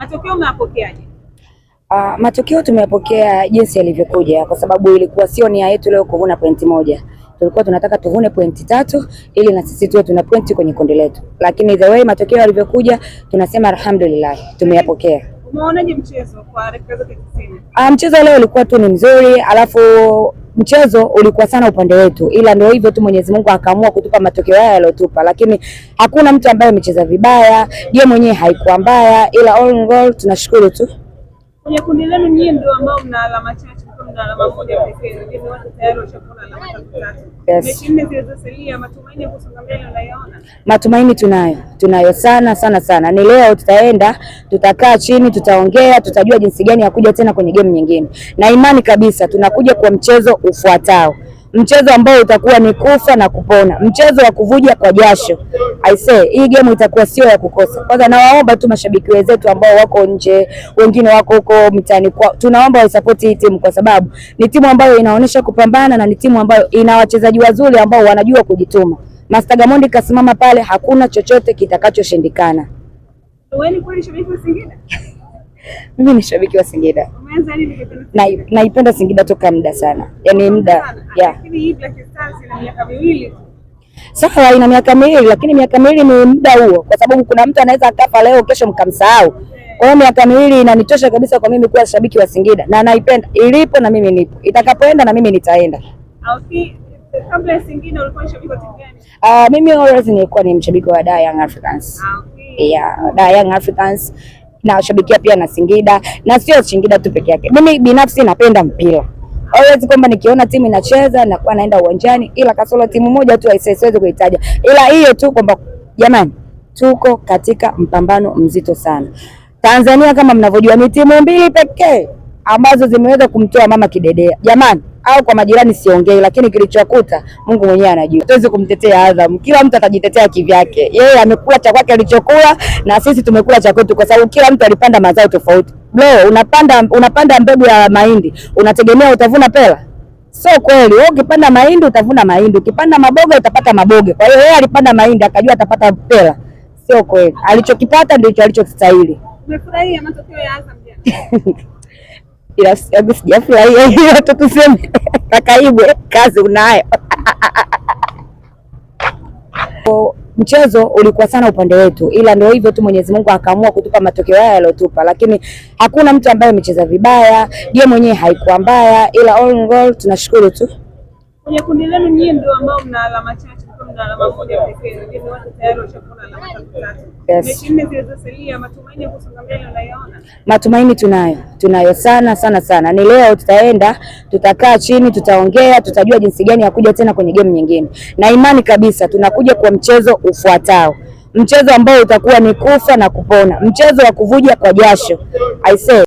matokeo umeyapokeaje? Uh, matokeo tumeyapokea jinsi yalivyokuja, kwa sababu ilikuwa sio nia yetu leo kuvuna pointi moja. Tulikuwa tunataka tuvune pointi tatu ili na sisi tuwe tuna pointi kwenye kundi letu, lakini the way matokeo yalivyokuja, tunasema alhamdulillah, tumeyapokea. Umeonaje mchezo kwa dakika zote ah, mchezo leo ulikuwa tu ni mzuri, alafu mchezo ulikuwa sana upande wetu, ila ndio hivyo tu, Mwenyezi Mungu akaamua kutupa matokeo haya yaliyotupa, lakini hakuna mtu ambaye amecheza vibaya, game mwenyewe haikuwa mbaya, ila all in all tunashukuru tu. Kwenye kundi lenu nyinyi ndio ambao mna alama chache matumaini Matumaini tunayo, tunayo sana sana sana. Ni leo tutaenda, tutakaa chini, tutaongea, tutajua jinsi gani ya kuja tena kwenye game nyingine, na imani kabisa tunakuja kwa mchezo ufuatao mchezo ambao utakuwa ni kufa na kupona, mchezo wa kuvuja kwa jasho, say hii game itakuwa sio ya kukosa. Kwanza nawaomba tu mashabiki wenzetu ambao wako nje, wengine wako huko mtaani kwa, tunaomba waisapoti hii timu kwa sababu ni timu ambayo inaonyesha kupambana na ni timu ambayo ina wachezaji wazuri ambao wanajua kujituma. Master Gamondi kasimama pale, hakuna chochote kitakachoshindikana. Mimi ni shabiki wa Singida naipenda Singida toka muda sana, yaani muda yeah. Sawa, ina miaka miwili, lakini miaka miwili ni muda huo, kwa sababu kuna mtu anaweza akafa leo, kesho mkamsahau. Kwa hiyo miaka miwili inanitosha kabisa kwa mimi kuwa shabiki wa Singida na naipenda ilipo, na mimi nipo, itakapoenda na mimi nitaenda. Uh, mimi always nilikuwa ni mshabiki wa da Young Africans. Ah, yeah, Young Africans na pia na Singida na sio Singida tu peke yake. Mimi binafsi napenda mpira always kwamba nikiona timu inacheza nakuwa naenda uwanjani, ila kasoro timu moja tu siwezi kuitaja, ila hiyo tu kwamba jamani, tuko katika mpambano mzito sana. Tanzania kama mnavyojua ni timu mbili pekee ambazo zimeweza kumtoa mama kidedea jamani, au kwa majirani siongei, lakini kilichokuta Mungu mwenyewe anajua. Tuwezi kumtetea Azam, kila mtu atajitetea kivyake. Yeye amekula cha kwake alichokula, na sisi tumekula cha kwetu, kwa sababu kila mtu alipanda mazao tofauti. Bro, unapanda unapanda mbegu ya mahindi unategemea utavuna pela? Sio kweli. Wewe ukipanda mahindi utavuna mahindi, ukipanda maboga utapata maboga. Kwa hiyo yeye alipanda mahindi akajua atapata pela, sio kweli. Alichokipata ndicho alichostahili. Umefurahia matokeo ya Azam jana? sijafurahia hiyo tu, tuseme kakaibwe, kazi unayo mchezo ulikuwa sana upande wetu, ila ndio hivyo tu, Mwenyezi Mungu akaamua kutupa matokeo haya yaliyotupa, lakini hakuna mtu ambaye amecheza vibaya, game mwenyewe haikuwa mbaya, ila all in all tunashukuru tu. Kwenye kundi lenu nyinyi ndio ambao mna alama chache kuna alama moja pekee, lakini tayari alama tatu. Yes. Mechi nne zilizosalia, matumaini ya kusonga mbele unayaona? Matumaini tunayo, tunayo sana sana sana. Ni leo tutaenda, tutakaa chini, tutaongea, tutajua jinsi gani ya kuja tena kwenye game nyingine, na imani kabisa tunakuja kwa mchezo ufuatao mchezo ambao utakuwa ni kufa na kupona, mchezo wa kuvuja kwa jasho. I say